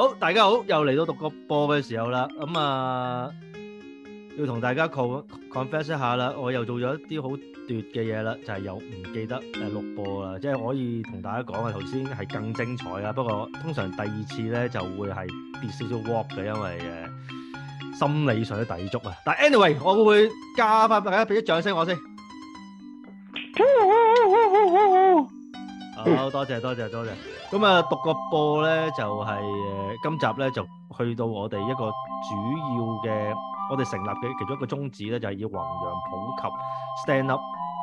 好，大家好，又嚟到獨角播嘅時候啦，咁啊，要同大家 confess 一下啦，我又做咗一啲好奪嘅嘢啦，就係又唔記得誒錄播啦，即係可以同大家講啊，頭先係更精彩啊，不過通常第二次咧就會係跌少少 walk 嘅，因為誒心理上嘅抵觸啊，但係 anyway，我會唔會加翻大家俾啲掌聲我先？好，多謝多謝多謝，咁啊獨角播咧就係、是、誒、呃，今集咧就去到我哋一個主要嘅，我哋成立嘅其中一個宗旨咧就係、是、要弘揚普及 stand up，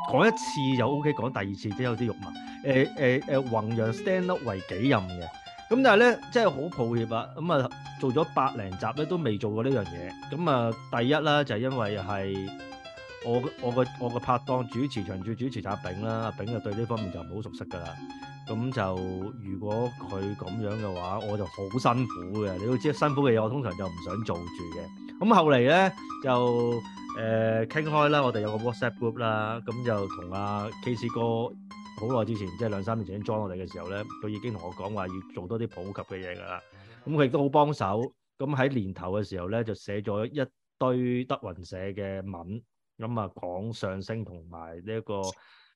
講一次就 OK，講第二次即係有啲肉麻，誒誒誒弘揚 stand up 為己任嘅，咁但係咧即係好抱歉啊，咁、嗯、啊做咗百零集咧都未做過呢樣嘢，咁啊第一啦就是、因為係。我我個我個拍檔主持場做主持就阿炳啦，阿炳就對呢方面就唔好熟悉噶啦。咁就如果佢咁樣嘅話，我就好辛苦嘅。你都知辛苦嘅嘢，我通常就唔想做住嘅。咁後嚟咧就誒傾、呃、開啦，我哋有個 WhatsApp group 啦，咁就同阿 KC 哥好耐之前，即係兩三年前裝我哋嘅時候咧，佢已經同我講話要做多啲普及嘅嘢噶啦。咁佢亦都好幫手。咁喺年頭嘅時候咧，就寫咗一堆德雲社嘅文。咁啊，講相聲同埋呢一個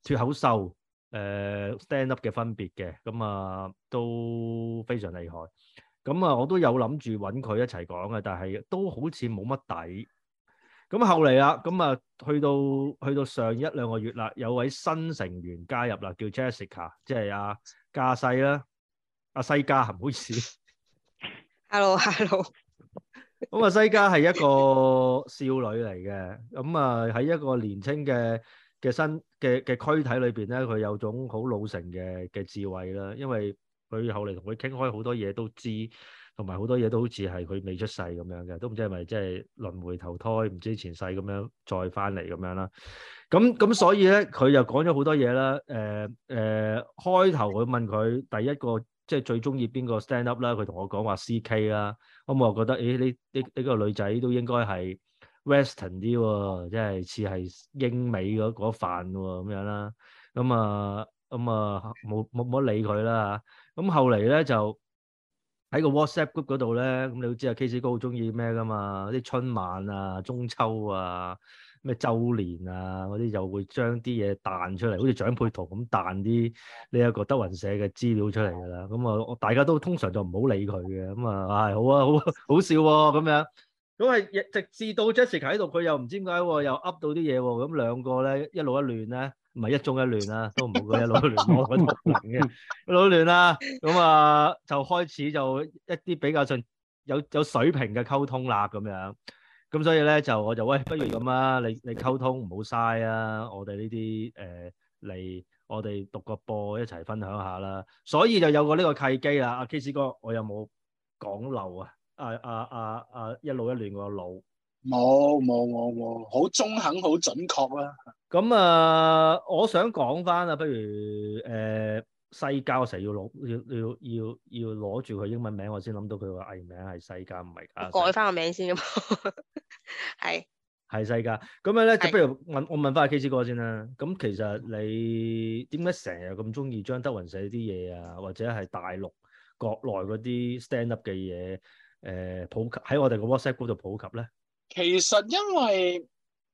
脫口秀，誒 stand up 嘅分別嘅，咁啊都非常厲害。咁啊，我都有諗住揾佢一齊講嘅，但係都好似冇乜底。咁後嚟啊，咁啊去到去到上一兩個月啦，有位新成員加入啦，叫 Jessica，即係阿嘉世啦，阿西嘉，唔好意思。Hello，hello。咁啊，西加係一個少女嚟嘅，咁啊喺一個年青嘅嘅身嘅嘅軀體裏邊咧，佢有種好老成嘅嘅智慧啦。因為佢後嚟同佢傾開好多嘢都知，同埋好多嘢都好似係佢未出世咁樣嘅，都唔知係咪即係輪回投胎，唔知前世咁樣再翻嚟咁樣啦。咁咁所以咧，佢又講咗好多嘢啦。誒、呃、誒、開、呃、頭我問佢第一個。即係最中意邊個 stand up 啦？佢同我講話 C K 啦、啊，咁、嗯、我覺得，誒呢呢呢個女仔都應該係 Western 啲喎，即係似係英美嗰嗰範喎咁樣啦。咁啊咁啊冇冇冇理佢啦，咁後嚟咧就喺個 WhatsApp group 嗰度咧，咁、嗯、你都知阿 K C 哥好中意咩㗎嘛？啲春晚啊，中秋啊。咩週年啊嗰啲又會將啲嘢彈出嚟，好似獎配圖咁彈啲呢一個德雲社嘅資料出嚟㗎啦。咁啊，大家都通常就唔好理佢嘅。咁啊，唉、哎，好啊，好好笑喎、啊、咁樣。咁係直至到 Jessica 喺度，佢又唔知點解又噏到啲嘢喎。咁兩個咧一路一亂咧，唔係一中一亂啦，都唔好一路一亂咯。一路一亂啦。咁啊，啊，啊，就開始就一啲比較上有有水平嘅溝通啦，咁樣、啊。咁所以咧就我就喂，不如咁啊，你你溝通唔好嘥啊，我哋呢啲誒嚟我哋讀個波一齊分享下啦。所以就有個呢個契機啦。阿 K C 哥，我有冇講漏啊？啊啊啊啊，一路一亂個腦，冇冇冇，我好中肯好準確啊。咁啊、呃，我想講翻啊，不如誒。呃西加我成日要攞要要要要攞住佢英文名，我先諗到佢個藝名係西加西，唔係改翻個名先。係 係是西加咁樣咧，呢是就不如問我問翻阿 K 師哥先啦。咁其實你點解成日咁中意張德雲社啲嘢啊，或者係大陸國內嗰啲 stand up 嘅嘢，誒、呃、普及喺我哋個 WhatsApp group 度普及咧？其實因為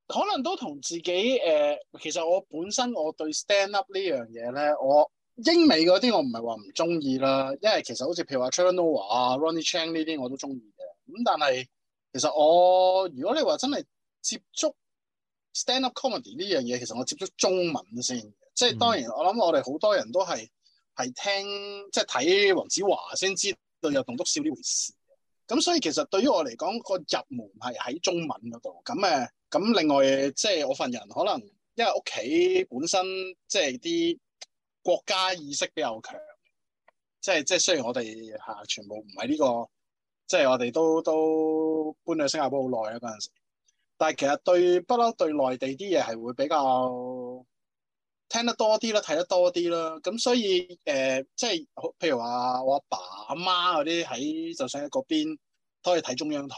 可能都同自己誒、呃，其實我本身我對 stand up 呢樣嘢咧，我。英美嗰啲我唔係話唔中意啦，因為其實好似譬如話 Trevor Noah、Ronny Chang 呢啲我都中意嘅。咁但係其實我如果你話真係接觸 stand up comedy 呢樣嘢，其實我接觸中文先。即係當然我諗我哋好多人都係係、嗯、聽即係睇黃子華先知道有棟篤笑呢回事。咁所以其實對於我嚟講個入門係喺中文嗰度。咁誒、咁另外即係我份人可能因為屋企本身即係啲。國家意識比較強，即係即係雖然我哋嚇全部唔係呢個，即係我哋都都搬去新加坡好耐啦嗰陣時，但係其實對不嬲對內地啲嘢係會比較聽得多啲啦，睇得多啲啦。咁所以誒、呃，即係譬如話我阿爸阿媽嗰啲喺就算喺嗰邊都可以睇中央台，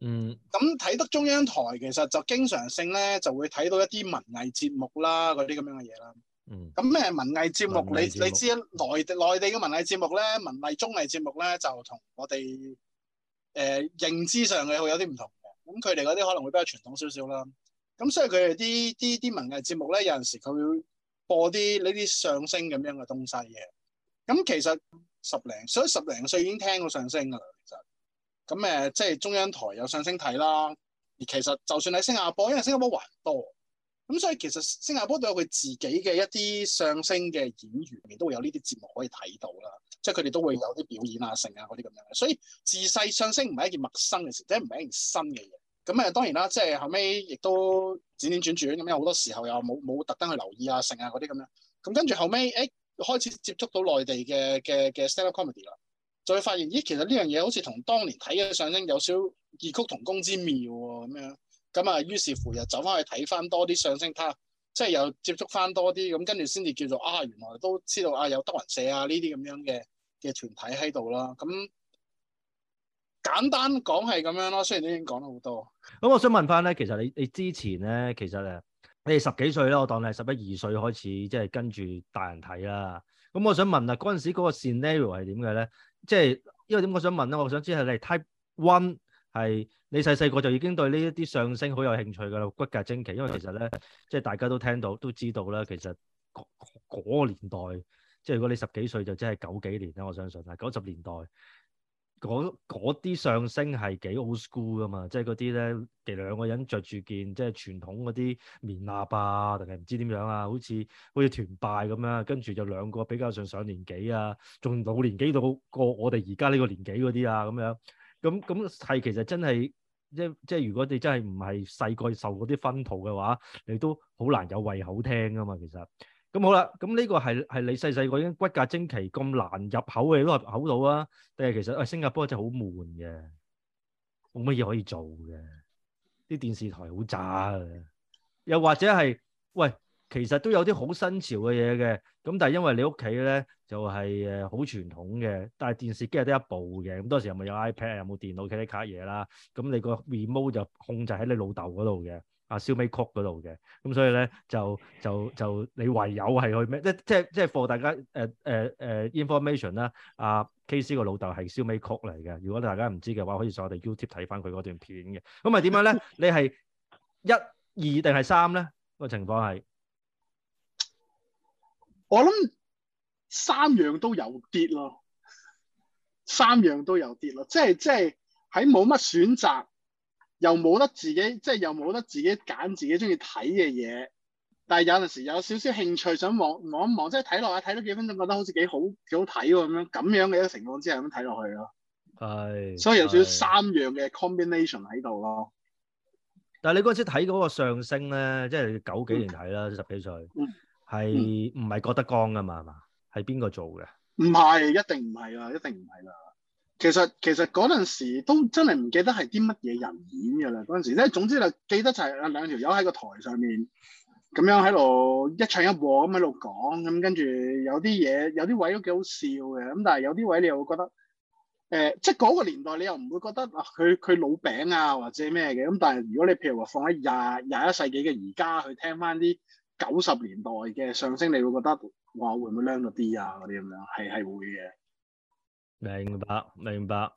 嗯，咁睇得中央台其實就經常性咧就會睇到一啲文藝節目啦，嗰啲咁樣嘅嘢啦。咁咩？嗯、文藝節目你你知內內地嘅文藝節目咧，文藝綜藝節目咧就同我哋誒、呃、認知上嘅會有啲唔同嘅，咁佢哋嗰啲可能會比較傳統少少啦。咁所以佢哋啲啲啲文藝節目咧，有陣時佢會播啲呢啲相聲咁樣嘅東西嘅。咁其實十零所以十零歲已經聽過相聲噶啦，其實咁誒，即係中央台有相聲睇啦。而其實就算喺新加坡，因為新加坡還多。咁、嗯、所以其實新加坡都有佢自己嘅一啲相聲嘅演員，亦都會有呢啲節目可以睇到啦。即係佢哋都會有啲表演啊、性啊嗰啲咁樣。所以自細相聲唔係一件陌生嘅事，即係唔係一件新嘅嘢。咁誒，當然啦，即係後尾亦都轉轉轉轉咁樣，好多時候又冇冇特登去留意啊、性啊嗰啲咁樣。咁跟住後尾誒、欸、開始接觸到內地嘅嘅嘅 stand up comedy 啦，就會發現咦，其實呢樣嘢好似同當年睇嘅相聲有少異曲同工之妙喎、啊，咁樣。咁啊，於是乎又走翻去睇翻多啲相聲，睇即係又接觸翻多啲，咁跟住先至叫做啊，原來都知道啊，有德雲社啊呢啲咁樣嘅嘅團體喺度啦。咁簡單講係咁樣咯，雖然都已經講咗好多。咁我想問翻咧，其實你你之前咧，其實誒，你係十幾歲啦？我當你係十一二歲開始，即係跟住大人睇啦。咁我想問啊，嗰陣時嗰個 scenario 係點嘅咧？即係因為點我想問咧？我想知係你係 type one 係。你細細個就已經對呢一啲相聲好有興趣㗎啦，骨骼精奇。因為其實咧，即係大家都聽到都知道啦，其實嗰個年代，即係如果你十幾歲就即係九幾年啦，我相信啦，九十年代嗰啲相聲係幾 old school 噶嘛，即係嗰啲咧，其實兩個人着住件即係傳統嗰啲棉衲啊，定係唔知點樣啊，好似好似團拜咁樣，跟住就兩個比較上上年紀啊，仲老年紀到過我哋而家呢個年紀嗰啲啊，咁樣，咁咁係其實真係。即即係如果你真係唔係細個受嗰啲熏陶嘅話，你都好難有胃口聽㗎嘛。其實咁好啦，咁呢個係係你細細個已經骨骼精奇咁難入口，嘅，都入口到啊。但係其實喂、哎，新加坡真係好悶嘅，冇乜嘢可以做嘅，啲電視台好渣啊。又或者係喂。其實都有啲好新潮嘅嘢嘅，咁但係因為你屋企咧就係誒好傳統嘅，但係電視機係得一部嘅，咁多時又咪有 iPad，有冇電腦，企喺卡嘢啦。咁你個 remote 就控制喺你老豆嗰度嘅，阿、啊、燒美曲嗰度嘅。咁所以咧就就就，就你唯有係去咩？即即即 for 大家誒誒誒 information 啦、啊。阿 K C 個老豆係燒美曲嚟嘅。如果大家唔知嘅話，可以上我哋 YouTube 睇翻佢嗰段片嘅。咁咪點樣咧？ 你係一二定係三咧？那個情況係？我諗三樣都有跌咯，三樣都有跌咯，即係即係喺冇乜選擇，又冇得自己，即係又冇得自己揀自己中意睇嘅嘢。但係有陣時有少少興趣想望望一望，即係睇落去，睇咗幾分鐘，覺得好似幾好，幾好睇喎咁樣咁樣嘅一個情況之下咁睇落去咯。係，所以有少少三樣嘅 combination 喺度咯。但係你嗰陣時睇嗰個相聲咧，即係九幾年睇啦，嗯、十幾歲。嗯係唔係郭德綱噶嘛？係邊個做嘅？唔係，一定唔係啦，一定唔係啦。其實其實嗰陣時都真係唔記得係啲乜嘢人演噶啦。嗰陣時咧，總之就記得就係阿兩條友喺個台上面咁樣喺度一,一唱一和咁喺度講，咁跟住有啲嘢有啲位都幾好笑嘅。咁但係有啲位你又會覺得，誒、呃，即係嗰個年代你又唔會覺得啊佢佢老餅啊或者咩嘅。咁但係如果你譬如話放喺廿廿一世紀嘅而家去聽翻啲。九十年代嘅上升，你會覺得話會唔會靚啲啊？嗰啲咁樣係係會嘅。明白明白，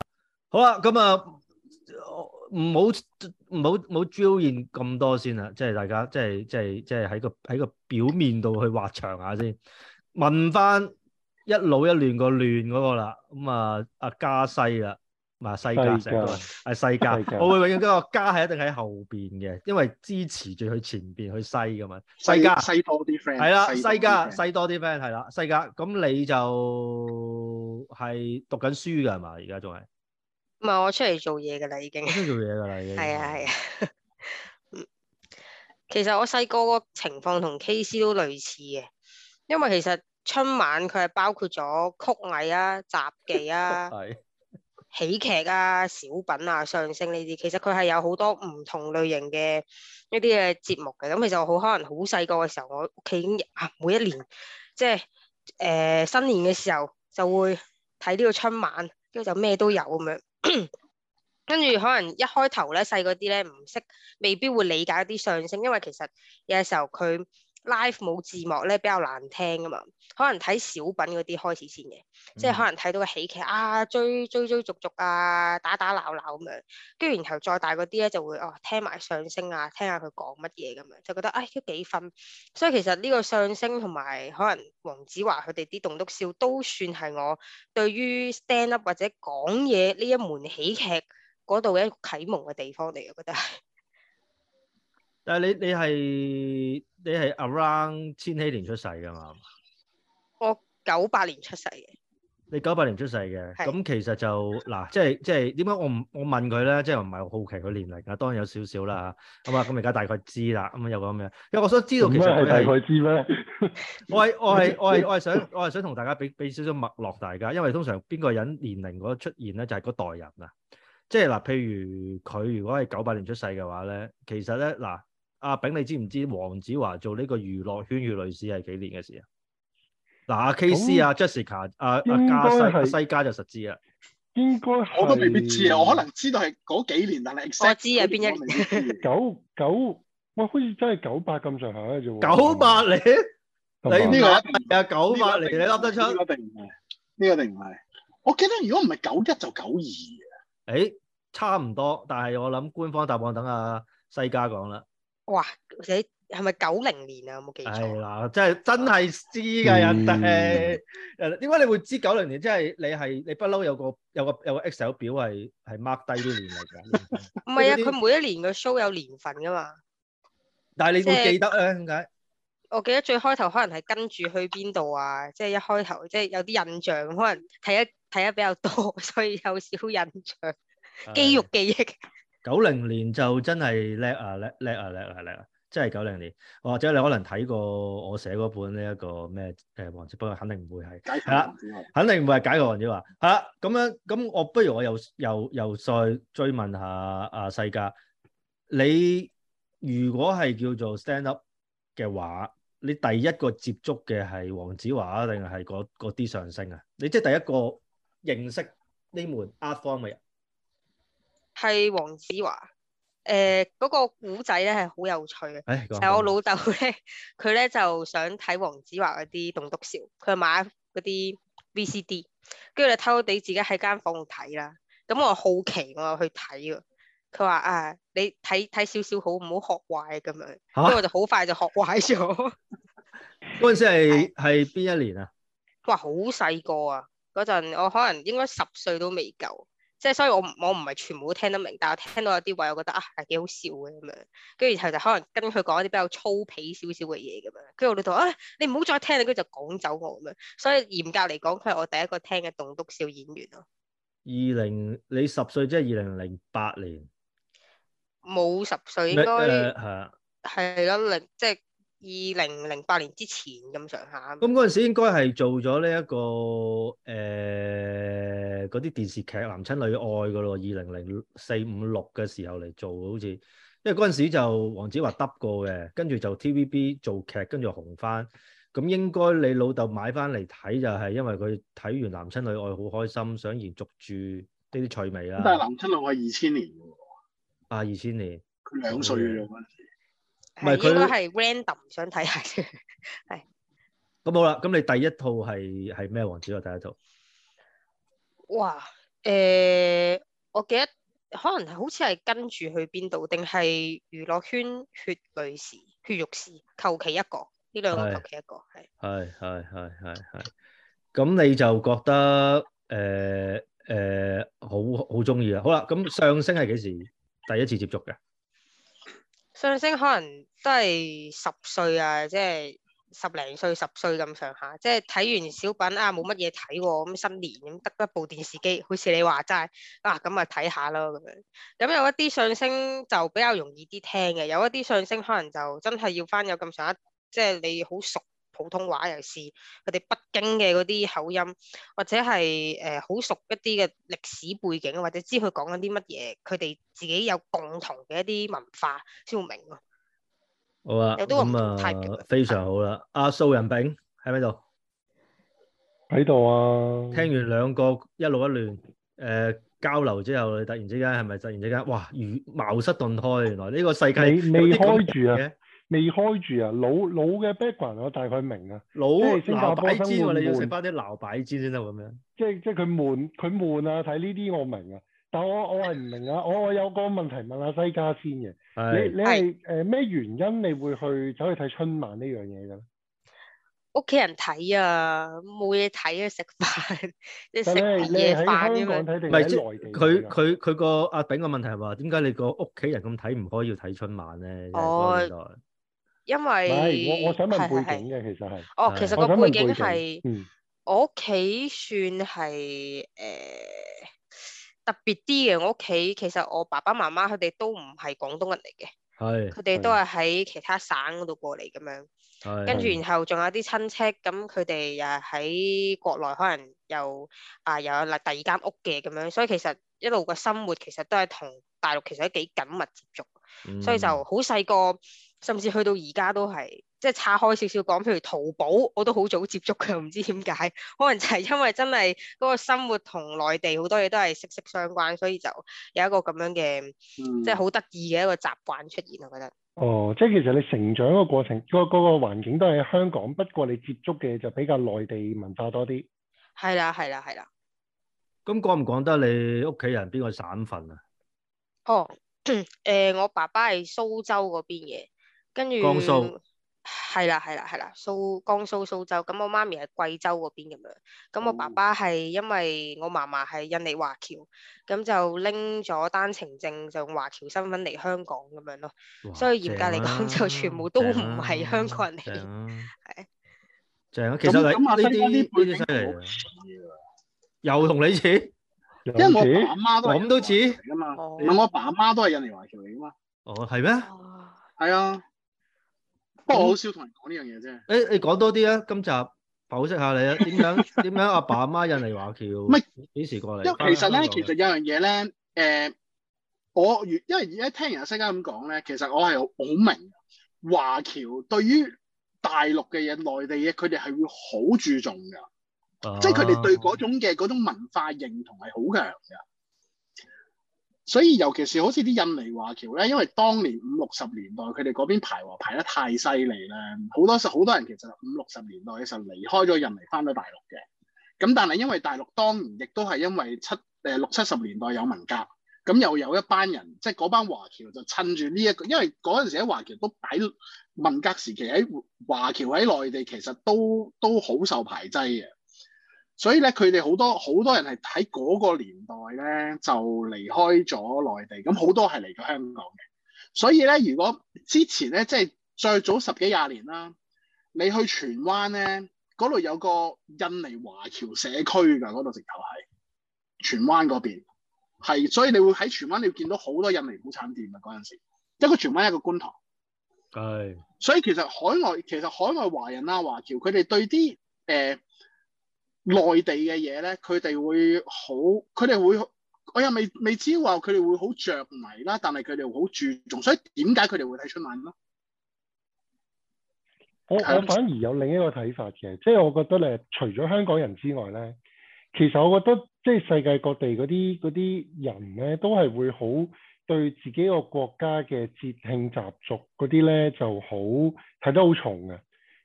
好啊，咁啊，唔好唔好唔 join 咁多先啦，即係大家即係即係即係喺個喺個表面度去畫牆下先，問翻一老一亂，亂個亂嗰個啦，咁啊阿加西啦。啊！西家成個啊，西家，我會永遠覺得家係一定喺後邊嘅，因為支持住佢前邊去西嘅嘛。西，西家西多啲 friend，係啦，西家西多啲 friend，係啦，西家。咁你就係、係、讀緊書㗎，係嘛？而家仲係唔係？我出嚟做嘢㗎啦，已經 做嘢㗎啦，已經係啊係啊。 其實我細個個情況同 K C 都類似嘅，因為其實春晚佢係包括咗曲藝啊、雜技啊。係。 喜劇啊、小品啊、相聲呢啲，其實佢係有好多唔同類型嘅一啲嘅節目嘅。咁、嗯、其實我好可能好細個嘅時候，我屋企已經啊每一年，即係誒、呃、新年嘅時候就會睇呢個春晚，跟住就咩都有咁樣。跟住 可能一開頭咧細嗰啲咧唔識，未必會理解一啲相聲，因為其實有時候佢。life 冇字幕咧比較難聽啊嘛，可能睇小品嗰啲開始先嘅，嗯、即係可能睇到個喜劇啊，追追追逐逐啊，打打鬧鬧咁樣，跟住然後再大嗰啲咧就會哦聽埋相聲啊，聽下佢講乜嘢咁樣，就覺得唉都、哎、幾 fun 所以其實呢個相聲同埋可能黃子華佢哋啲棟篤笑都算係我對於 stand up 或者講嘢呢一門喜劇嗰度嘅一個啟蒙嘅地方嚟啊，覺得係。但係你你係你係 around 千禧年出世噶嘛？我九八年出世嘅。你九八年出世嘅，咁是其實就嗱，即係即係點解我唔我問佢咧？即係唔係好好奇佢年齡啊？當然有少少啦，咁 啊，咁而家大概知啦，咁啊有個咩？因為我想知道其實佢大概知咩 ？我係我係我係 我係想我係想同大家俾俾少少脈絡大家，因為通常邊個人年齡嗰出現咧就係嗰代人啦，即係嗱，譬如佢如果係九八年出世嘅話咧，其實咧嗱。阿炳，你知唔知黃子華做呢個娛樂圈血肉史係幾年嘅事啊？嗱，阿 K C、啊 Jessica、阿阿嘉世、阿西加就實知啦。應該我都未必知啊，我可能知道係嗰幾年但啦。我知啊，邊一年。九九？我好似真係九八咁上下做。九八年？你呢個係啊？九八年你諗得出？呢個定唔係？呢個定唔係？我記得如果唔係九一就九二啊。誒，差唔多，但係我諗官方答案等阿西嘉講啦。哇，或者係咪九零年啊？我有冇記錯？係啦，哎，真係真係知噶人哋點解你會知九零年？即係你係你不嬲有個有個有個 Excel 表係係 mark 低啲年嚟嘅。唔係 啊，佢每一年嘅 show 有年份噶嘛。但係你會記得啊？點解，就是？我記得最開頭可能係跟住去邊度啊，即、就、係、是、一開頭即係有啲印象，可能睇一睇得比較多，所以有少印象，的 肌肉記憶。 九零年就真係叻啊，叻叻啊，叻啊，叻啊！真係九零年，或者你可能睇過我寫嗰本呢一個咩誒黃子華，肯定唔會係，係啦，肯定唔會係解過黃子華。嚇咁、啊、樣咁，樣我不如我又又又，又再追問下阿、啊、世嘉，你如果係叫做 stand up 嘅話，你第一個接觸嘅係黃子華定係嗰啲上升啊？你即係第一個認識呢門 art form 咪？係黃子華，誒、呃、嗰、那個古仔咧，係好有趣嘅。係我老豆咧，佢咧就想睇黃子華嗰啲棟篤笑，佢就買嗰啲 VCD，跟住就偷偷地自己喺間房度睇啦。咁我好奇我去睇喎，佢話，啊你睇睇少少好，唔好學壞咁樣，跟住、啊、我就好快就學壞咗。嗰 陣 時係係邊一年啊？哇，好細個啊，嗰陣我可能應該十歲都未夠。即係所以我我唔係全部都聽得明，但係我聽到有啲位我覺得啊，幾好笑嘅咁樣，跟住然後就可能跟佢講一啲比較粗鄙少少嘅嘢咁樣，跟住我老豆啊，你唔好再聽，你跟住就趕走我咁樣。所以嚴格嚟講，佢係我第一個聽嘅棟篤笑演員咯。二零，你十歲即係二零零八年，冇十歲應該係啊，係咯零即係。二零零八年之前咁上下，咁嗰陣時應該係做咗呢一個誒嗰啲電視劇《男親女愛》噶咯，二零零四五六嘅時候嚟做，好似因為嗰陣時就黃子華得過嘅，跟住就 TVB 做劇，跟住紅翻。咁應該你老豆買翻嚟睇就係因為佢睇完《男親女愛》好開心，想延續住呢啲趣味啦。但係《男親女愛》二千年喎，啊二千年，佢兩歲嘅唔係佢，係 random 想睇下先，係。咁好啦，咁你第一套係係咩王子啊？第一套。哇，誒，我記得可能好似係跟住去邊度，定係娛樂圈血淚史、血肉史，求其一個呢兩個求其一個，係。係係係係係。咁你就覺得誒誒好好鍾意啦。好啦，咁相聲係幾時第一次接觸嘅？相聲可能都係十歲啊，即係十零歲、十歲咁上下，即係睇完小品啊，冇乜嘢睇喎，咁新年咁得、嗯、一部電視機，好似你話齋啊，咁啊睇下咯咁樣。咁、嗯、有一啲相聲就比較容易啲聽嘅，有一啲相聲可能就真係要翻有咁上下，即係你好熟。普通話又試佢哋北京嘅嗰啲口音，或者係誒好熟一啲嘅歷史背景，或者知佢講緊啲乜嘢，佢哋自己有共同嘅一啲文化先會明咯。好啊，咁啊非常好啦。阿蘇仁炳喺咪度？喺度啊！聽完兩個一路一亂誒交流之後，你突然之間係咪突然之間哇如茅塞頓開？原來呢個世界未未開住嘅。未開住啊，老老嘅 background 我大概明、嗯、啊，老鬧鬼知喎，你要食翻啲鬧鬼煎先得咁樣。即係即係佢悶，佢悶啊！睇呢啲我明啊，我我明啊，但係是我我係唔明啊，我我有個問題問下西家先嘅是，你你係誒咩原因你會去走去睇春晚呢樣嘢嘅？屋企人睇啊，冇嘢睇啊，食飯即係食夜飯啊嘛。唔係，佢佢佢個阿炳個問題係話，點解你個屋企人咁睇唔開要睇春晚咧？哦。因為唔係，我我想問背景嘅，是是是其實係是哦，其實個背景係，嗯呃，我屋企算係誒特別啲嘅。我屋企其實我爸爸媽媽佢哋都唔係廣東人嚟嘅，係佢哋都係喺其他省嗰度過嚟咁樣，跟住然後仲有啲親戚，咁佢哋又喺國內可能又啊又有第第二間屋嘅咁樣，所以其實一路嘅生活其實都係同大陸其實都幾緊密接觸，嗯、所以就好細個。甚至去到而家都係，即係岔開少少講，譬如淘寶，我都好早接觸嘅，唔知點解，可能就係因為真係嗰個生活同內地好多嘢都係息息相關，所以就有一個咁樣嘅，嗯、即係好得意嘅一個習慣出現。我覺得。哦，即係其實你成長嘅過程，個嗰個環境都係香港，不過你接觸嘅就比較內地文化多啲。係啦，係啦，係啦。咁講唔講得？你屋企人邊個省份啊？哦，誒、呃，我爸爸係蘇州嗰邊嘅。跟住，江蘇，係啦係啦係啦，蘇江蘇蘇州。咁我媽咪係貴州嗰邊咁樣，咁我爸爸係因為我嫲嫲係印尼華僑，咁就拎咗單程證就用華僑身份嚟香港咁樣咯。所以嚴格嚟講，就全部都唔係香港人嚟。正啊，係。其實你呢啲呢輩先犀利，又同你似，因為我爸阿媽都，我咁都似咁嘛。我爸阿媽都係印尼華僑嚟噶嘛。哦，係咩？係啊。不過好少同人講呢樣嘢啫。誒誒、欸，講多啲啊！今集剖析下你啊，點樣點樣？阿 爸阿媽印尼華僑，咩幾是時過嚟？因為其實咧，其實有樣嘢咧，誒、呃，我越因為而家聽人家西街咁講咧，其實我係我好明華僑對於大陸嘅嘢、內地嘢，佢哋係會好注重㗎，啊、即係佢哋對嗰種嘅嗰種文化認同係好強㗎。所以尤其是好似啲印尼華僑咧，因為當年五六十年代佢哋嗰邊排華排得太犀利啦，好多好多人其實五六十年代嘅時候離開咗印尼翻咗大陸嘅。咁但係，因為大陸當年亦都係因為七、誒六七十年代有文革，咁又有一班人即係嗰班華僑就趁住呢一個，因為嗰陣時喺華僑都擺文革時期喺華僑喺內地其實都都好受排擠嘅。所以咧，佢哋好多好多人係喺嗰個年代咧就離開咗內地，咁好多係嚟咗香港嘅。所以咧，如果之前咧，即係再早十幾廿年啦，你去荃灣咧，嗰度有個印尼華僑社區㗎，嗰度直頭係荃灣嗰邊，係所以你會喺荃灣，你會見到好多印尼古產店嘅嗰陣時，一個荃灣，一個觀塘。係的。所以其實海外其實海外華人啊華僑，佢哋對啲誒。呃內地嘅嘢咧，佢哋會好，佢哋會，我又未未知話佢哋會好着迷啦。但係佢哋好注重，所以點解佢哋會睇春晚咯？我我反而有另一個睇法嘅，即係我覺得咧，除咗香港人之外咧，其實我覺得即係世界各地嗰啲嗰啲人咧，都係會好對自己個國家嘅節慶習俗嗰啲咧就好睇得好重嘅。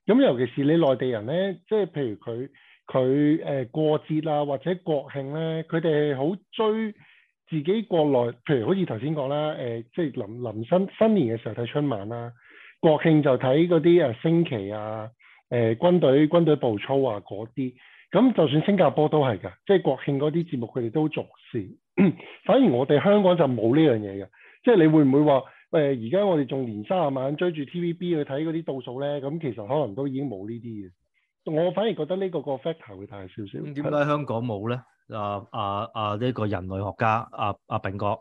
咁尤其是你內地人咧，即係譬如佢。佢誒、呃、過節啊，或者國慶咧，佢哋好追自己國內，譬如好似頭先講啦，誒、呃、即係臨臨新新年嘅時候睇春晚啦、啊，國慶就睇嗰啲誒升旗啊，誒、呃、軍隊軍隊步操啊嗰啲，咁就算新加坡都係㗎，即係國慶嗰啲節目佢哋都重視。 反而我哋香港就冇呢樣嘢嘅，即係你會唔會話誒而家我哋仲年卅晚追住 TVB 去睇嗰啲倒數咧？咁其實可能都已經冇呢啲嘅。我反而覺得呢、這個、那個 factor 會大少少。咁點解香港冇咧的、啊？啊啊啊！呢、這個人類學家，阿阿炳國，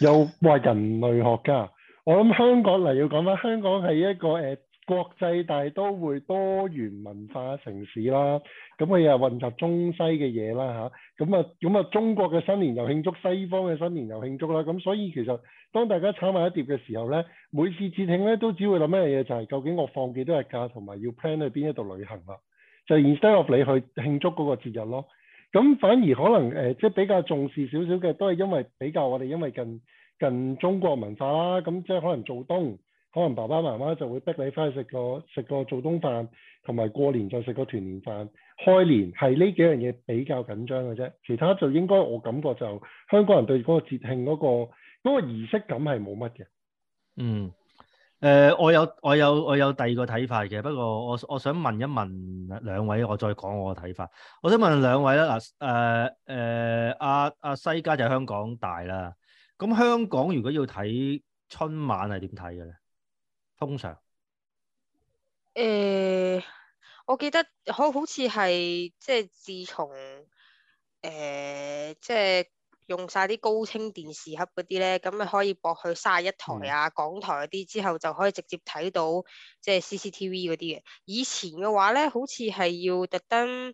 又話人類學家。我諗香港嚟要講返，香港係一個誒。呃國際大都會多元文化城市啦，咁佢又混雜中西嘅嘢啦嚇，咁啊咁啊中國嘅新年又慶祝，西方嘅新年又慶祝啦，咁所以其實當大家炒埋一碟嘅時候咧，每次節慶咧都只會諗一樣嘢，就係、是、究竟我放幾多日假，同埋要 plan 去邊一度旅行啦，就 instead of 你去慶祝嗰個節日咯，咁反而可能誒、呃、即係比較重視少少嘅，都係因為比較我哋因為近近中國文化啦，咁即係可能做東。可能爸爸媽媽就會逼你翻去食個食個早冬飯，同埋過年就食個團年飯。開年係呢幾樣嘢比較緊張嘅啫，其他就應該我感覺就香港人對嗰個節慶嗰、嗰個嗰個儀式感係冇乜嘅。嗯，誒、呃，我有我有我有第二個睇法嘅，不過我我想問一問兩位，我再講我嘅睇法。我想問兩位啦，嗱誒誒，阿、呃、阿、啊啊啊啊、西家就喺香港大啦。咁香港如果要睇春晚係點睇嘅咧？通常誒、呃，我記得可好似係即係自從誒，即係、呃、用晒啲高清電視盒嗰啲咧，咁咪可以駁去卅一台啊，港台嗰啲之後就可以直接睇到即係 CCTV 嗰啲嘅。以前嘅話咧，好似係要特登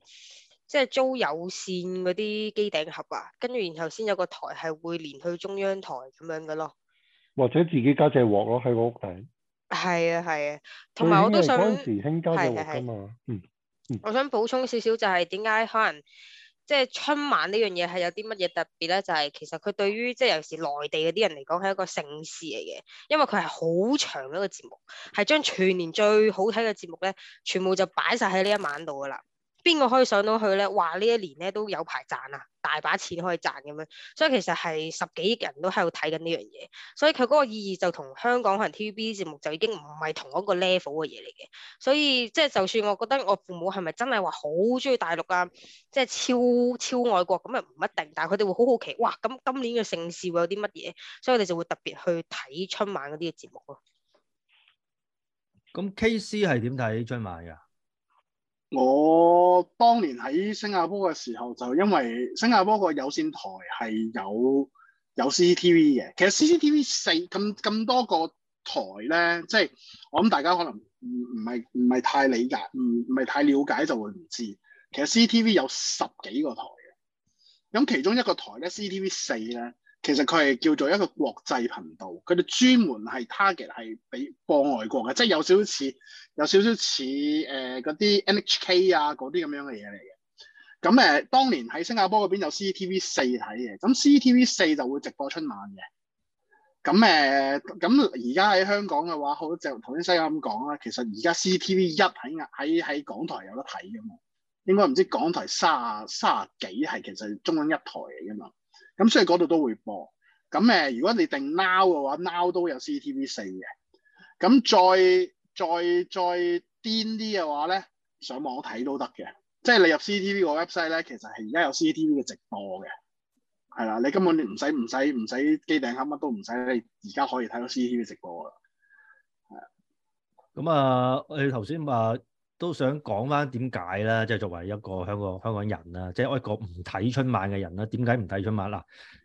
即係租有線嗰啲機頂盒啊，跟住然後先有個台係會連去中央台咁樣嘅咯，或者自己加隻鑊咯喺個屋頂。係啊，係啊，同埋我都想，係係係，嗯，我想補充少少就係點解可能即係春晚呢樣嘢係有啲乜嘢特別咧？就係、是、其實佢對於即係有時內地嗰啲人嚟講係一個盛事嚟嘅，因為佢係好長一個節目，係將全年最好睇嘅節目咧，全部就擺晒喺呢一晚度噶啦。邊個可以上到去咧？話呢一年咧都有排賺啊，大把錢可以賺咁樣，所以其實係十幾億人都喺度睇緊呢樣嘢，所以佢嗰個意義就同香港可能 TVB 節目就已經唔係同一個 level 嘅嘢嚟嘅。所以即係、就是、就算我覺得我父母係咪真係話好中意大陸啊，即、就、係、是、超超愛國咁又唔一定，但係佢哋會好好奇，哇！咁今年嘅盛事會有啲乜嘢，所以我哋就會特別去睇春晚嗰啲嘅節目咯。咁 KC 係點睇春晚噶？我當年喺新加坡嘅時候，就因為新加坡個有線台係有有 CCTV 嘅。其實 CCTV 四咁咁多個台咧，即係我諗大家可能唔唔係唔係太理解，唔唔係太了解就會唔知。其實 CCTV 有十幾個台嘅，咁其中一個台咧，CCTV 四咧。其實佢係叫做一個國際頻道，佢哋專門係 target 係俾播外國嘅，即係有少少似有少少似誒嗰啲 NHK 啊嗰啲咁樣嘅嘢嚟嘅。咁誒、呃，當年喺新加坡嗰邊有 CCTV 四睇嘅，咁 CCTV 四就會直播春晚嘅。咁誒，咁而家喺香港嘅話，好就頭先西亞咁講啦，其實而家 CCTV 一喺喺喺港台有得睇嘅嘛，應該唔知港台三啊三啊幾係其實中央一台嚟嘅嘛。咁、嗯、所以嗰度都會播，咁、嗯、誒如果你定 now 嘅話，now 都有 C T V 四嘅，咁、嗯、再再再癲啲嘅話咧，上網睇都得嘅，即係你入 C T V 個 website 咧，其實係而家有 C T V 嘅直播嘅，係啦，你根本你唔使唔使唔使機頂盒乜都唔使，你而家可以睇到 C T V 直播啊，係啊，咁、嗯、啊，你頭先話。都想講翻點解啦，即係作為一個香港香港人啦，即係一個唔睇春晚嘅人啦。點解唔睇春晚嗱？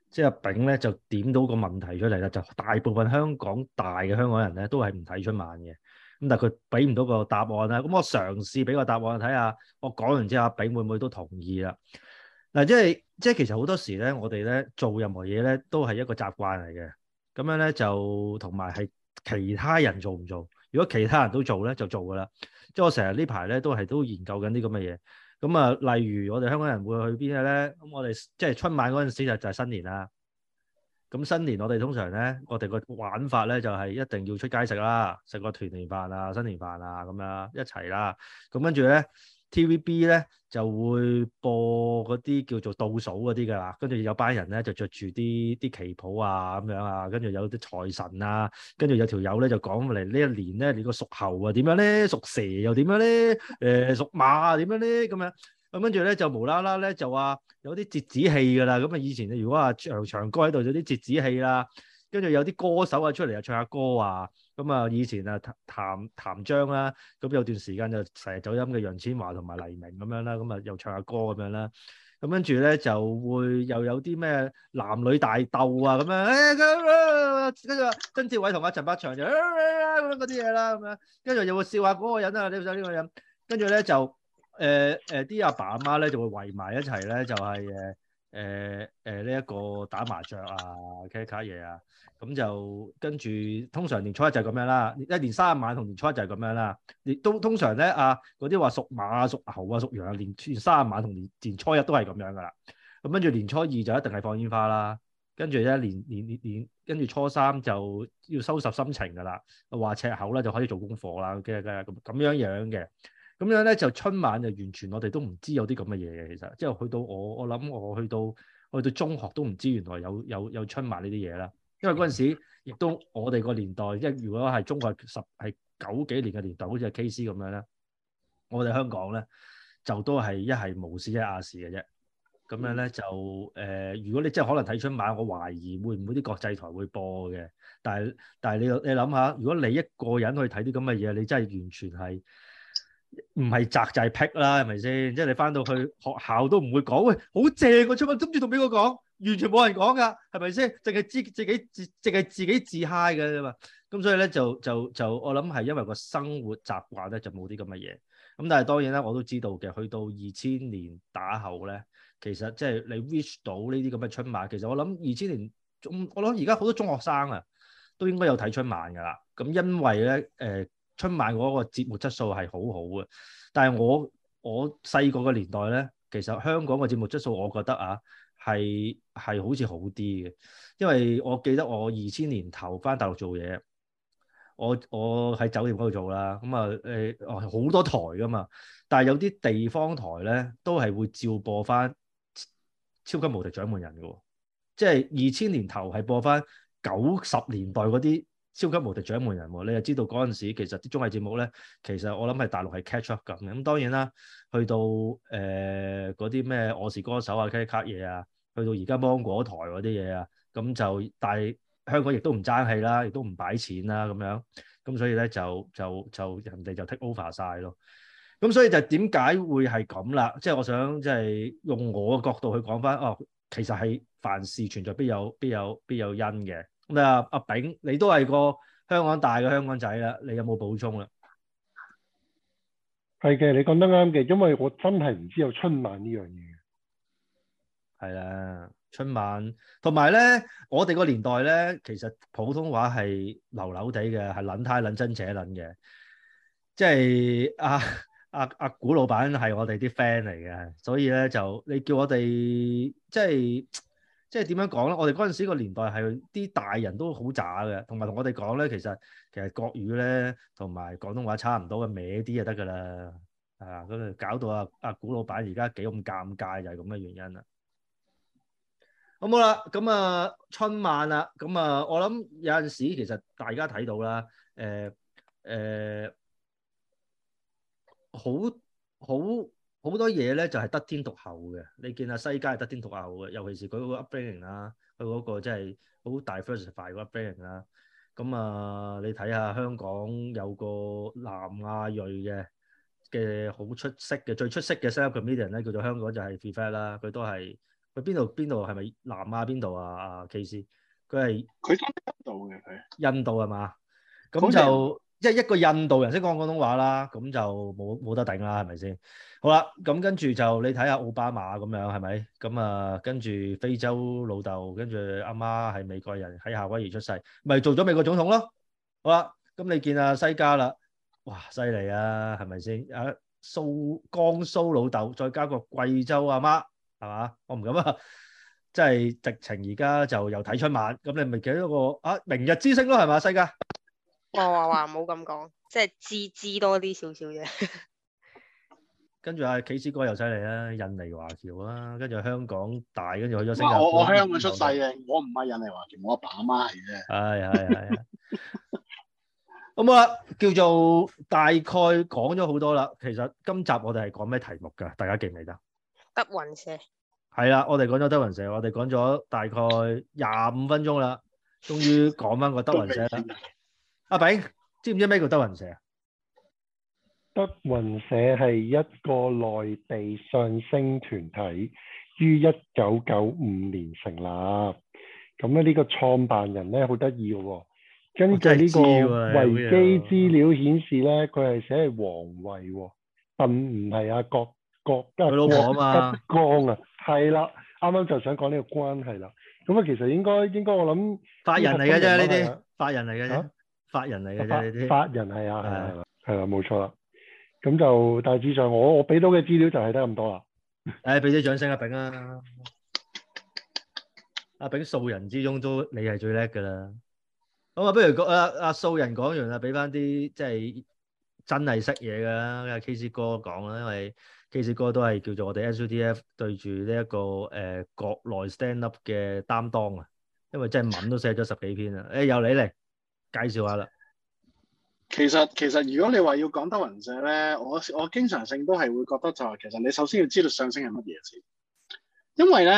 即係阿炳咧就點到個問題出嚟啦，就大部分香港大嘅香港人咧都係唔睇春晚嘅。咁但係佢俾唔到個答案啊。咁我嘗試俾個答案睇下，我講完之後，阿炳會唔會都同意啦？嗱，即係即係其實好多時咧，我哋咧做任何嘢咧都係一個習慣嚟嘅。咁樣咧就同埋係其他人做唔做？如果其他人都做咧，就做㗎啦。即係我成日呢排咧都係都研究緊啲咁嘅嘢，咁啊，例如我哋香港人會去邊嘅咧？咁我哋即係春晚嗰陣時就就係新年啦。咁新年我哋通常咧，我哋個玩法咧就係一定要出街食啦，食個團年飯啊、新年飯啊咁樣一齊啦。咁跟住咧。TVB 咧就會播嗰啲叫做倒數嗰啲㗎啦，跟住有班人咧就着住啲啲旗袍啊咁樣啊，跟住有啲財神啊，跟住有條友咧就講嚟呢一年咧你個屬猴啊點樣咧，屬蛇又點樣咧，誒屬馬啊點樣咧咁樣，咁跟住咧就無啦啦咧就話有啲折子戲㗎啦，咁啊以前如果啊長長哥喺度有啲折子戲啦。跟住有啲歌手啊出嚟啊唱下歌啊，咁啊以前譚 om，啊譚譚張啦，咁有段時間就成日走音嘅楊千嬅同埋黎明咁樣啦，咁啊，啊又唱下歌咁樣啦，咁跟住咧就會又有啲咩男女大鬥啊咁樣，跟住阿曾志偉同阿陳百祥就咁嗰啲嘢啦，咁樣跟住又會笑下嗰個人啊，你笑呢個人，啊 province，啊嗯啊啊、人跟住咧就誒誒啲阿爸阿媽咧就會圍埋一齊咧就係誒。誒誒，呢一、呃呃這個打麻雀啊、K 卡嘢啊，咁就跟住通常年初一就咁樣啦，一年卅晚同年初一就係咁樣啦，亦都通常咧啊，嗰啲話屬馬啊、屬猴啊、屬羊啊，年年卅晚同年年初一都係咁樣噶啦。咁跟住年初二就一定係放煙花啦，跟住咧年年年年跟住初三就要收拾心情噶啦，話赤口咧，就可以做功課啦，咁樣樣嘅。咁樣咧就春晚就完全我哋都唔知有啲咁嘅嘢嘅，其實即係去到我我諗我去到去到中學都唔知原來有有有春晚呢啲嘢啦。因為嗰陣時亦都我哋個年代，即係如果係中學十係九幾年嘅年代，好似係 K C 咁樣咧，我哋香港咧就都係一係無綫一亞視嘅啫。咁樣咧就誒，如果你真係可能睇春晚，我懷疑會唔會啲國際台會播嘅。但係但係你你諗下，如果你一個人去睇啲咁嘅嘢，你真係完全係～唔係宅就係僻啦，係咪先？即係你翻到去學校都唔會講，喂，好正個春晚，點知同邊個我講？完全冇人講噶，係咪先？淨係知自己，淨係自己自 high 嘅啫嘛。咁所以咧就就就，我諗係因為個生活習慣咧就冇啲咁嘅嘢。咁但係當然啦，我都知道嘅。去到二千年打後咧，其實即係你 wish 到呢啲咁嘅春晚。其實我諗二千年中，我諗而家好多中學生啊都應該有睇春晚噶啦。咁因為咧，誒、呃。春晚嗰個節目質素係好好嘅，但係我我細個嘅年代咧，其實香港嘅節目質素我覺得啊，係係好似好啲嘅，因為我記得我二千年頭翻大陸做嘢，我我喺酒店嗰度做啦，咁啊誒，哦、嗯、好、嗯、多台噶嘛，但係有啲地方台咧都係會照播翻《超級無敵獎門人》噶、哦，即係二千年頭係播翻九十年代嗰啲。超級無敵獎門人，你又知道嗰陣時其實啲綜藝節目咧，其實我諗係大陸係 catch up 咁嘅。咁當然啦，去到誒嗰啲咩我是歌手啊、KTV 啊，去到而家芒果台嗰啲嘢啊，咁就但係香港亦都唔爭氣啦，亦都唔擺錢啦咁樣，咁所以咧就就就人哋就 take over 晒咯。咁所以就點解會係咁啦？即係我想即係用我嘅角度去講翻，哦，其實係凡事存在必有必有必有因嘅。咁阿炳，你都係個香港大嘅香港仔啦，你有冇補充啦？係嘅，你講得啱嘅，因為我真係唔知有春晚呢樣嘢。係啦，春晚同埋咧，我哋個年代咧，其實普通話係流流地嘅，係撚太撚真且撚嘅。即係阿阿阿古老闆係我哋啲 friend 嚟嘅，所以咧就你叫我哋即係。即係點樣講咧？我哋嗰陣時個年代係啲大人都好渣嘅，同埋同我哋講咧，其實其實國語咧同埋廣東話差唔多嘅，歪啲就得㗎喇，啊，嗰度搞到啊阿古老闆而家幾咁尷尬，就係咁嘅原因啦。好冇啦，咁啊春晚啊，咁啊我諗有陣時其實大家睇到啦，誒誒好好。呃好多嘢咧就係、是、得天獨厚嘅，你見下西街係得天獨厚嘅，尤其是佢嗰個 upbringing 啦，佢嗰、啊那個真係好 diversified 嗰個 upbringing 啦。咁啊，你睇下香港有個南亞裔嘅嘅好出色嘅，最出色嘅 celebrity 呢叫做香港就係 prefect 啦，佢都係佢邊度邊度係咪南亞邊度啊？啊 K C 佢係佢印度嘅佢印度係嘛？咁就。即係一個印度人識講廣東話啦，咁就冇冇得頂啦，係咪先？好啦，咁跟住就你睇下奧巴馬咁樣，係咪？咁啊，跟住非洲老豆，跟住阿媽係美國人喺夏威夷出世，咪做咗美國總統咯？好啦，咁你見阿西加啦，哇，犀利啊，係咪先？啊蘇江蘇老豆，再加個貴州阿媽，係嘛？我唔敢啊！即係直情而家就又睇春晚，咁你咪記得個啊？明日之星咯，係嘛？西加。我話話唔好咁講，即係知知多啲少少嘢。跟住阿企史哥又犀利啦，印尼華僑啦，跟住香港大，跟住去咗星。我我香港出世嘅，我唔係印尼華僑，我阿爸阿媽係嘅。係係係啊。咁啊， 叫做大概講咗好多啦。其實今集我哋係講咩題目噶大家記唔記得？德雲社係啦，我哋講咗德雲社，我哋講咗大概廿五分鐘啦，終於講翻個德雲社啦。 阿炳知唔知咩叫德雲社啊？德雲社係一個內地相聲團體，於一九九五年成立。咁咧呢個創辦人咧好得意嘅喎，根據個呢個維基資料顯示咧，佢係寫係王衛，但唔係阿郭郭嘉嘛，德綱啊，係啦。啱啱、啊、 就想講呢個關係啦。咁啊，其實應該應該我諗法人嚟嘅啫，呢啲法人嚟嘅。啫、啊。法人嚟嘅啫，啲法人係啊，係啊，係啊，冇錯啦。咁就大致上，我我俾到嘅資料就係得咁多啦。誒，俾啲掌聲阿炳啊！阿炳素人之中都你係最叻噶啦。咁啊，不如講啊啊素人講完啦，俾翻啲即係真係識嘢嘅啦。阿 K 師哥講啦，因為 K 師哥都係叫做我哋 SUTF 對住呢一個誒國內 stand up 嘅擔當啊，因為真係文都寫咗十幾篇啊。誒，由你嚟。介紹下啦。其實其實如果你話要講德雲社咧，我我經常性都係會覺得就係、是、其實你首先要知道相聲係乜嘢先。因為咧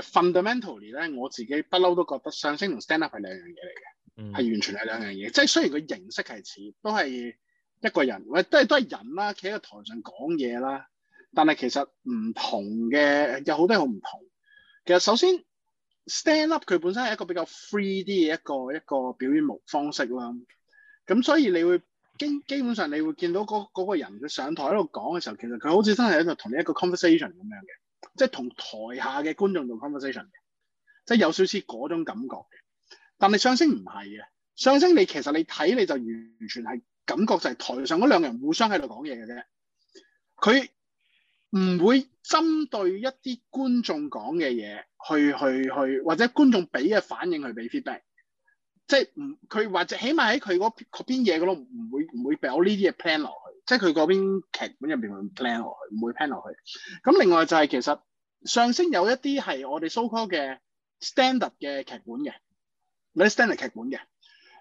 誒 fundamentally 咧，我自己不嬲都覺得相聲同 stand up 係兩樣嘢嚟嘅，係、嗯、完全係兩樣嘢。即係雖然佢形式係似，都係一個人，或都係都係人啦，企喺個台上講嘢啦。但係其實唔同嘅有好多好唔同。其實首先。Stand up 佢本身係一個比較 free 啲嘅一個一個表演模方式啦，咁所以你會基基本上你會見到嗰個人佢上台喺度講嘅時候，其實佢好似真係喺度同你一個 conversation 咁樣嘅，即係同台下嘅觀眾做 conversation 嘅，即係有少少嗰種感覺嘅。但係相聲唔係嘅，相聲你其實你睇你就完全係感覺就係台上嗰兩個人互相喺度講嘢嘅啫，佢。唔會針對一啲觀眾講嘅嘢去去去，或者觀眾俾嘅反應去俾 feedback，即係唔佢或者起碼喺佢嗰嗰邊嘢嘅咯，唔會唔會俾我呢啲嘢 plan 落去，即係佢嗰邊劇本入邊會 plan 落去，唔會 plan 落去。咁另外就係其實上升有一啲係我哋 so called 嘅 standard 嘅劇本嘅，啲 standard 劇本嘅。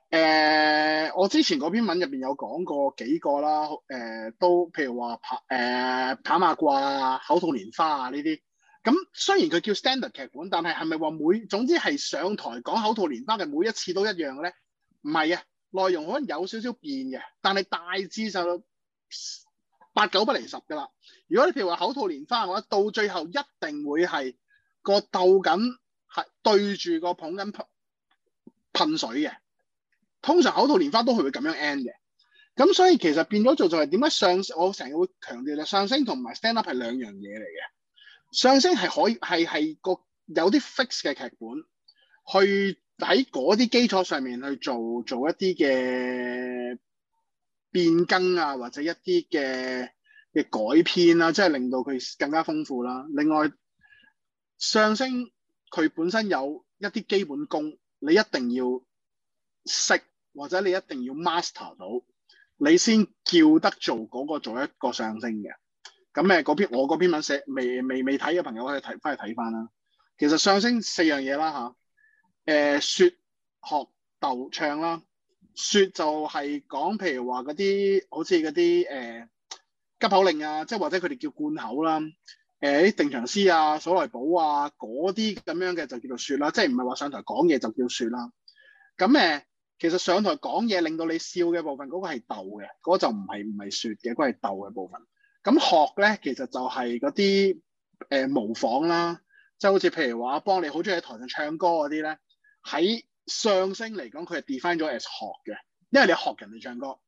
誒、呃，我之前嗰篇文入邊有講過幾個啦，誒、呃、都譬如話跑誒跑馬褂啊、口吐蓮花啊呢啲。咁、嗯、雖然佢叫 standard 劇本，但係係咪話每總之係上台講口吐蓮花嘅每一次都一樣嘅咧？唔係啊，內容可能有少少變嘅，但係大致就八九不離十㗎喇。如果你譬如話口吐蓮花嘅話，到最後一定會係個逗哏係對住個捧哏噴噴水嘅。通常口吐蓮花都係會咁樣 end 嘅，咁所以其實變咗做就係點解相聲？我成日會強調咧，相聲同埋 stand up 係兩樣嘢嚟嘅。相聲係可以係係個有啲 fix 嘅劇本，去喺嗰啲基礎上面去做做一啲嘅變更啊，或者一啲嘅嘅改編啊，即係令到佢更加豐富啦。另外，相聲佢本身有一啲基本功，你一定要識。或者你一定要 master 到，你先叫得做嗰個做一個相聲嘅。咁誒，篇我嗰篇文寫未未未睇嘅朋友可以睇翻去睇翻啦。其實相聲四樣嘢啦吓，誒、啊、說學逗唱啦，說就係講，譬如話嗰啲好似嗰啲誒急口令啊，即係或者佢哋叫貫口啦，誒、呃、定場詩啊、數來寶啊嗰啲咁樣嘅就叫做說啦，即係唔係話上台講嘢就叫說啦。咁誒。呃其實上台講嘢令到你笑嘅部分，嗰個係逗嘅，嗰個就唔係唔係説嘅，嗰個係逗嘅部分。咁學咧，其實就係嗰啲誒模仿啦，即係好似譬如話幫你好中意喺台上唱歌嗰啲咧，喺相聲嚟講，佢係 define 咗 as 學嘅，因為你學人哋唱歌，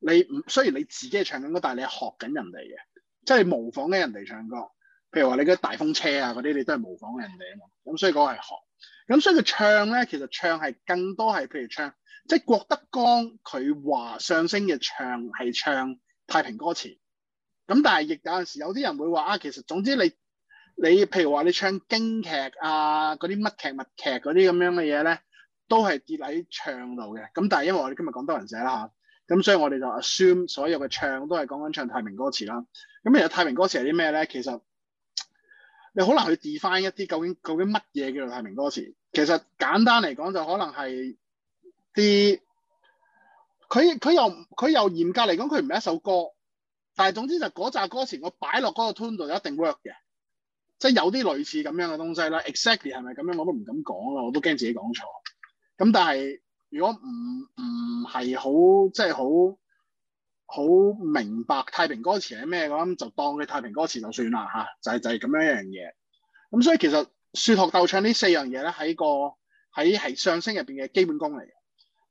你雖然你自己係唱緊歌，但係你學緊人哋嘅，即係模仿緊人哋唱歌。譬如話你啲大風車啊嗰啲，你都係模仿人哋啊嘛，咁所以嗰個係學。咁所以佢唱咧，其實唱係更多係譬如唱。即係郭德綱佢話相聲嘅唱係唱太平歌詞，咁但係亦有陣時有啲人會話啊，其實總之你你譬如話你唱京劇啊嗰啲乜劇乜劇嗰啲咁樣嘅嘢咧，都係跌喺唱度嘅。咁但係因為我哋今日講德雲社啦吓，咁所以我哋就 assume 所有嘅唱都係講緊唱太平歌詞啦。咁其實太平歌詞係啲咩咧？其實你好難去 define 一啲究竟究竟乜嘢叫做太平歌詞。其實簡單嚟講就可能係。啲佢佢，又佢又嚴格嚟講，佢唔係一首歌，但係總之就嗰紮歌詞我擺落嗰個 tune 度一定 work 嘅，即係有啲類似咁樣嘅東西啦。Exactly 係咪咁樣？我都唔敢講啦，我都驚自己講錯。咁但係如果唔唔係好即係好好明白太平歌詞係咩咁，就當佢太平歌詞就算啦吓，就係就係咁樣一樣嘢。咁所以其實說學逗唱呢四樣嘢咧，喺個喺係相聲入邊嘅基本功嚟。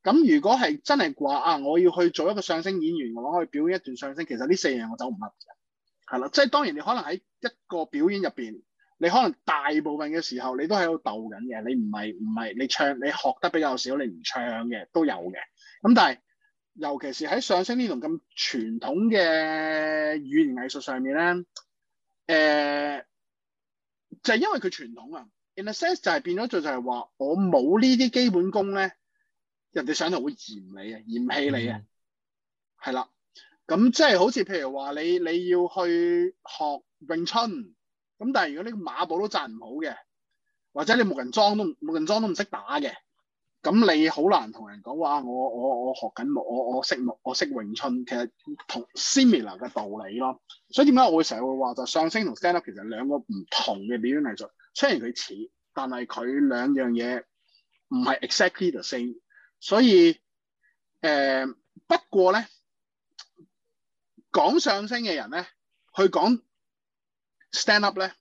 咁如果係真係話啊，我要去做一個相聲演員嘅話，去表演一段相聲，其實呢四樣我走唔甩嘅，係啦。即係當然你可能喺一個表演入邊，你可能大部分嘅時候你都喺度逗緊嘅，你唔係唔係你唱你學得比較少，你唔唱嘅都有嘅。咁但係尤其是喺相聲呢種咁傳統嘅語言藝術上面咧，誒、呃、就係因為佢傳統啊。In a sense 就係變咗做就係話，我冇呢啲基本功咧。人哋上台會嫌你啊，嫌棄你啊，係啦、嗯。咁即係好似譬如話，你你要去學詠春，咁但係如果你個馬步都紮唔好嘅，或者你木人樁都木人樁都唔識打嘅，咁你好難同人講話我我我學緊木，我我識木，我識詠春。其實同 similar 嘅道理咯。所以點解我會成日會話就相聲同 stand up 其實兩個唔同嘅表演藝術，雖然佢似，但係佢兩樣嘢唔係 exactly the same。所以，誒、呃、不過咧，講相聲嘅人咧，去講 stand up 咧，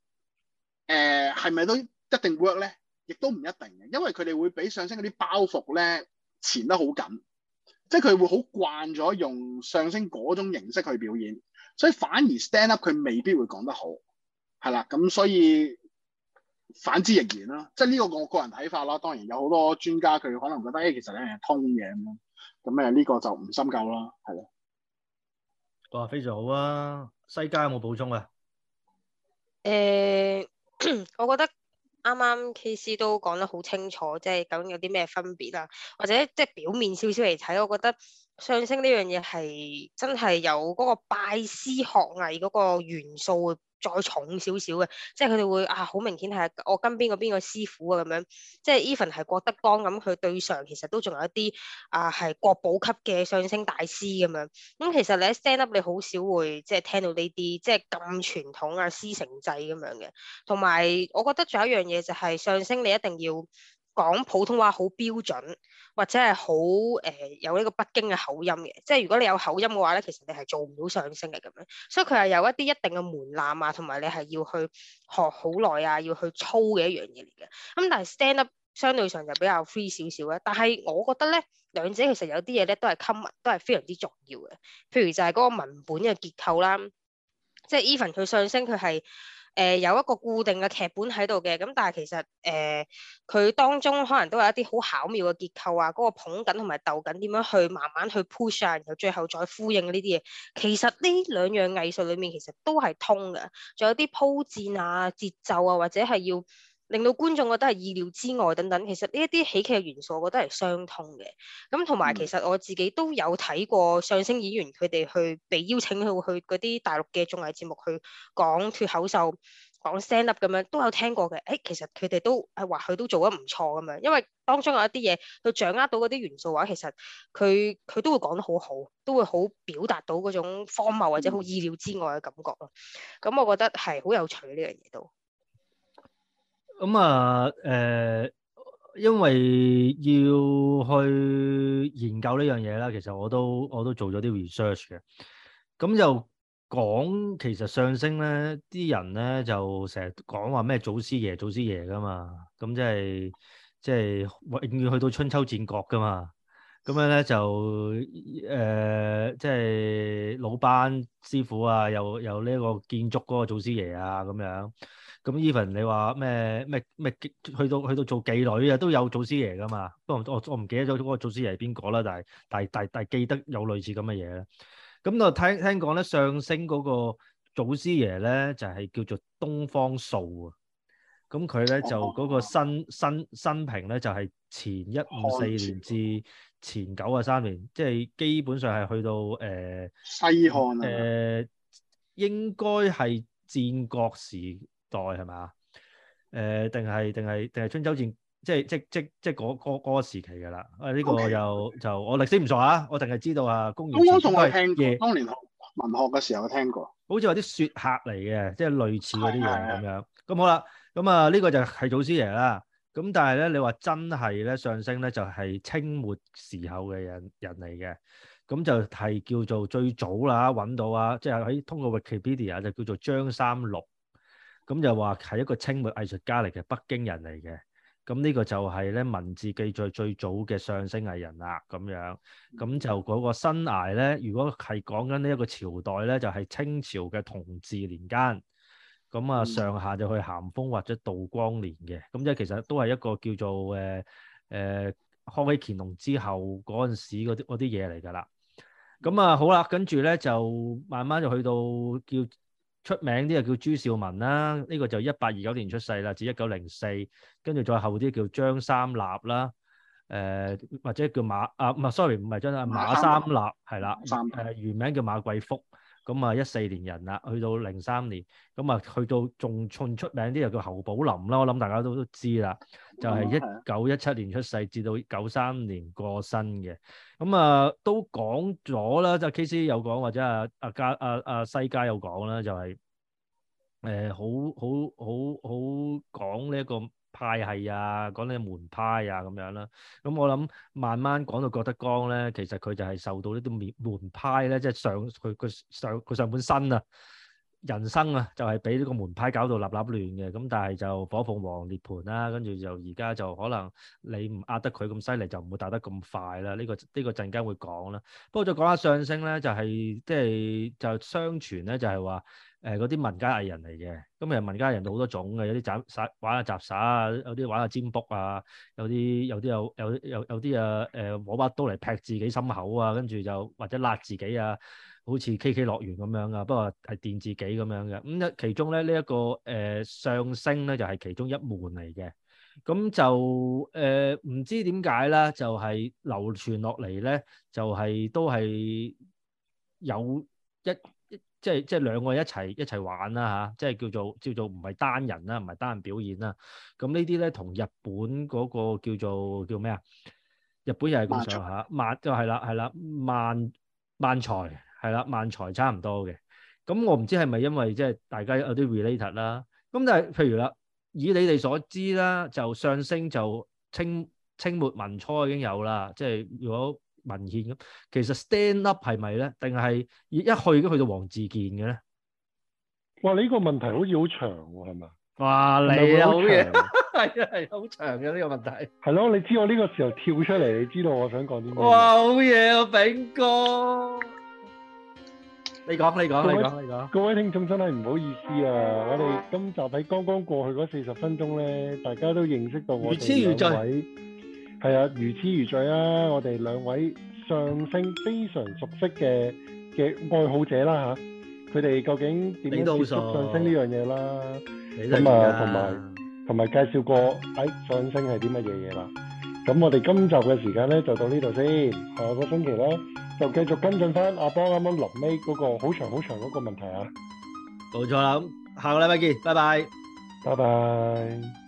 誒係咪都一定 work 咧？亦都唔一定嘅，因為佢哋會俾相聲嗰啲包袱咧纏得好緊，即係佢會好慣咗用相聲嗰種形式去表演，所以反而 stand up 佢未必會講得好，係啦，咁所以。反之亦然啦，即係呢個我個人睇法啦。當然有好多專家佢可能覺得，誒、哎，其實呢樣通嘅咁樣，咁誒呢個就唔深究啦，係咯。哇，非常好啊！西街有冇補充啊？誒、呃，我覺得啱啱 K 師都講得好清楚，即、就、係、是、究竟有啲咩分別啦，或者即係表面少少嚟睇，我覺得上升呢樣嘢係真係有嗰個拜師學藝嗰個元素。再重少少嘅，即係佢哋會啊，好明顯係我跟邊個邊個師傅啊咁樣，即係 even 係郭德綱咁，佢對上其實都仲有一啲啊係國寶級嘅相聲大師咁樣。咁、嗯、其實你 stand up 你好少會即係聽到呢啲即係咁傳統啊師承制咁樣嘅，同埋我覺得仲有一樣嘢就係相聲，你一定要。講普通話好標準，或者係好誒有呢個北京嘅口音嘅，即係如果你有口音嘅話咧，其實你係做唔到相聲嘅咁樣，所以佢係有一啲一定嘅門檻啊，同埋你係要去學好耐啊，要去操嘅一樣嘢嚟嘅。咁、嗯、但係 stand up 相對上就比較 free 少少啦。但係我覺得咧，兩者其實有啲嘢咧都係 common，都係非常之重要嘅。譬如就係嗰個文本嘅結構啦，即係 even 佢相聲佢係。誒、呃、有一個固定嘅劇本喺度嘅，咁但係其實誒佢、呃、當中可能都有一啲好巧妙嘅結構啊，嗰、那個捧哏同埋逗哏點樣去慢慢去 push 上、啊，然後最後再呼應呢啲嘢。其實呢兩樣藝術裏面其實都係通嘅，仲有啲鋪墊啊、節奏啊，或者係要。令到觀眾覺得係意料之外等等，其實呢一啲喜劇嘅元素，我覺得係相通嘅。咁同埋其實我自己都有睇過相聲演員佢哋去被邀請去去嗰啲大陸嘅綜藝節目去講脫口秀、講 stand up 咁樣，都有聽過嘅。誒、哎，其實佢哋都係話佢都做得唔錯咁樣，因為當中有一啲嘢，佢掌握到嗰啲元素嘅話，其實佢佢都會講得好好，都會好表達到嗰種荒謬或者好意料之外嘅感覺咯。咁我覺得係好有趣呢樣嘢都。咁啊，誒、嗯嗯，因為要去研究呢樣嘢啦，其實我都我都做咗啲 research 嘅。咁、嗯、就講其實上升咧，啲人咧就成日講話咩祖師爺、祖師爺噶嘛。咁、嗯、即係即係永遠去到春秋戰國噶嘛。咁樣咧就誒、呃，即係老班師傅啊，又有呢個建築嗰個祖師爺啊，咁樣。咁 even 你話咩咩咩去到去到做妓女啊，都有祖師爺㗎嘛？不過我我唔記得咗嗰個祖師爺係邊個啦，但係但係但係記得有類似咁嘅嘢咧。咁我聽聽講咧，相聲嗰個祖師爺咧就係、是、叫做東方朔。啊。咁佢咧就嗰個新新新平咧就係、是、前一五四年至前九啊三年，即、就、係、是、基本上係去到誒、呃、西漢啊誒應該係戰國時代係嘛？誒，定係定係定係春秋戰，即係即即即即嗰嗰個時期嘅啦。啊，呢、呢個又就，Okay. 就我歷史唔熟啊，我淨係知道啊，公元。我聽，的我聽過，當年學文學嘅時候聽過。好似話啲説客嚟嘅，即係類似嗰啲嘢。咁樣。咁的好啦，咁啊呢個就係祖師爺啦。咁但係咧，你話真係咧上升咧，就係清末時候嘅人人嚟嘅。咁就係叫做最早啦，揾到啊，即係喺通過 Wikipedia 就叫做張三六。咁就話係一個清末藝術家嚟嘅，北京人嚟嘅。咁呢個就係咧文字記載最早嘅相聲藝人啦。咁樣咁就嗰個生涯咧，如果係講緊呢一個朝代咧，就係、是、清朝嘅同治年間。咁啊，上下就去咸豐或者道光年嘅。咁即係其實都係一個叫做誒誒康熙乾隆之後嗰陣時嗰啲啲嘢嚟㗎啦。咁啊，好啦，跟住咧就慢慢就去到叫。出名啲就叫朱少文啦，呢、這個就一八二九年出世啦，至一九零四，跟住再後啲叫張三立啦，誒、呃、或者叫馬啊唔係，sorry 唔係張啊馬三立係啦、呃，原名叫馬桂福。咁啊，一四年人啦，去到零三年，咁啊，去到仲出出名啲又叫侯寶林啦，我諗大家都都知啦，就係一九一七年出世，至到九三年過身嘅，咁啊，都講咗啦，即係 KC 有講或者阿阿家阿阿西家有講啦，就係、是、誒、呃，好好好好講呢一個。派系啊，講你門派啊，咁樣啦。咁我諗慢慢講到郭德綱咧，其實佢就係受到呢啲門門派咧，即係上佢佢上佢上半身啊，人生啊，就係俾呢個門派搞到立立亂嘅。咁但係就火鳳凰涅槃啦，跟住就而家就可能你唔壓得佢咁犀利，就唔會打得咁快啦。呢個呢個陣間會講啦。不過就講下相聲咧，就係即係就相傳咧，就係話。誒嗰啲民間藝人嚟嘅，咁、嗯、啊民間藝人好多種嘅，有啲耍耍玩下雜耍啊，有啲玩下占卜啊，有啲有啲有有有有啲啊誒，攞、呃、把刀嚟劈自己心口啊，跟住就或者勒自己啊，好似 K K 樂園咁樣啊，不過係電自己咁樣嘅。咁、嗯、其中咧呢一、這個誒、呃，相聲咧就係、是、其中一門嚟嘅。咁就誒唔、呃、知點解啦，就係、是、流傳落嚟咧，就係、是、都係有一。即係即係兩個一齊一齊玩啦嚇，即、啊、係、就是、叫做叫做唔係單人啦，唔係單人表演啦。咁、啊、呢啲咧同日本嗰個叫做叫咩啊？日本又係咁上下漫，就係啦係啦，漫，漫才係啦，漫才差唔多嘅。咁我唔知係咪因為即係大家、嗯、有啲 related 啦。咁但係譬如啦，以你哋所知啦，就上升，就清清末民初已經有啦。即、就、係、是、如果。文獻咁，其實 stand up 係咪咧？定係一去都去到黃自健嘅咧？哇！你呢個問題好似好長喎，係咪？哇！你又好嘢，係啊，係好長嘅呢、 呢個問題。係咯，你知我呢個時候跳出嚟，你知道我想講啲咩？哇！好嘢啊，炳哥， 你講，你講，你講，位你講說。各位聽眾真係唔好意思啊！我哋今集喺剛剛過去嗰四十分鐘咧，大家都認識到我哋呢位。愈係啊，如痴如醉啊！我哋兩位相聲非常熟悉嘅嘅愛好者啦、啊、吓，佢哋究竟點接受相聲呢樣嘢啦？咁啊，同埋同埋介紹過誒，相聲係啲乜嘢嘢啦？咁、啊、我哋今集嘅時間咧就到呢度先。下個星期咧就繼續跟進翻阿邦啱啱臨尾嗰個好長好長嗰個問題啊！冇錯啦，下個禮拜見，拜拜，拜拜。